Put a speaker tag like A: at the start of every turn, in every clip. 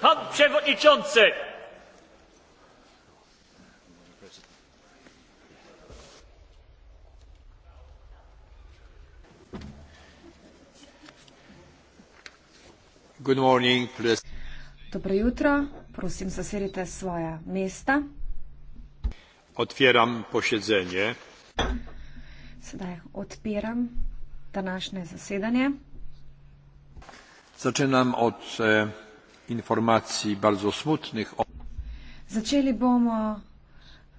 A: Pan Przewodniczący! Good morning, Dobro jutro, prosim zasedite svoja mesta. Otvjeram posjedzenje. Sedaj odpiram današnje zasedanje. Začenjam od eh, informacij bardzo smutnych. Začeli bomo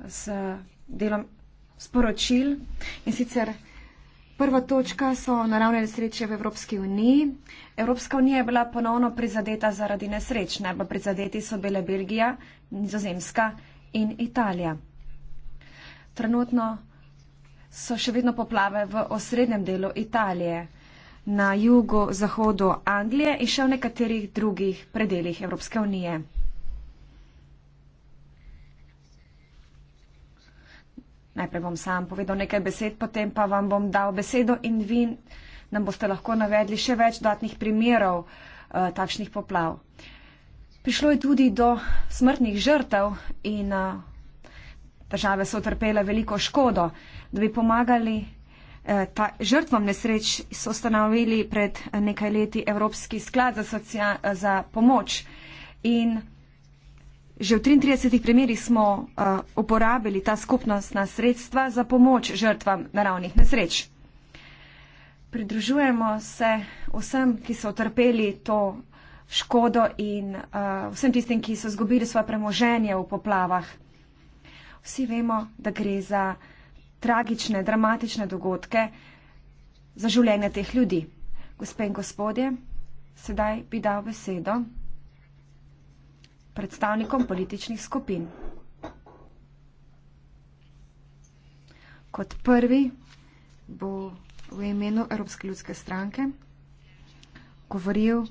A: z delom sporočil in sicer prva točka so naravne nesreče v Evropski uniji. Evropska unija je bila ponovno prizadeta zaradi nesreč. Najbolj prizadeti so bile Belgija, Nizozemska in Italija. Trenutno so še vedno poplave v osrednjem delu Italije na jugozahodu Anglije in še v nekaterih drugih predeljih Evropske unije. Najprej bom sam povedal nekaj besed, potem pa vam bom dal besedo in vi nam boste lahko navedli še več dodatnih primerov uh, takšnih poplav. Prišlo je tudi do smrtnih žrtev in uh, države so utrpele veliko škodo, da bi pomagali Eh, ta, žrtvom nesreč so ustanovili pred eh, nekaj leti Evropski sklad za, socia, eh, za pomoč. In že v 33 primerih smo uh, uporabili ta skupnostna sredstva za pomoč žrtvam naravnih nesreč. Pridružujemo se vsem, ki so utrpeli to škodo in uh, vsem tistim, ki so zgubili svoje premoženje v poplavah. Vsi vemo, da gre za tragične, dramatične dogodke za življenje teh ljudi. Gospe in gospodje, sedaj bi dal besedo predstavnikom političnih skupin. Kot prvi bo v imenu Evropske ljudske stranke govoril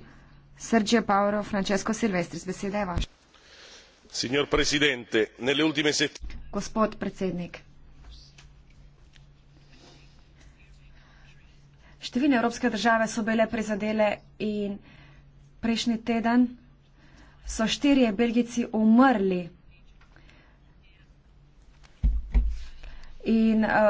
A: Sergio Paolo Francesco Silvestris. Beseda je vaša. Signor Presidente, nelle ultime settimane. Gospod predsednik, Številne evropske države so bile prizadele in prejšnji teden so štirje Belgici umrli. In, uh,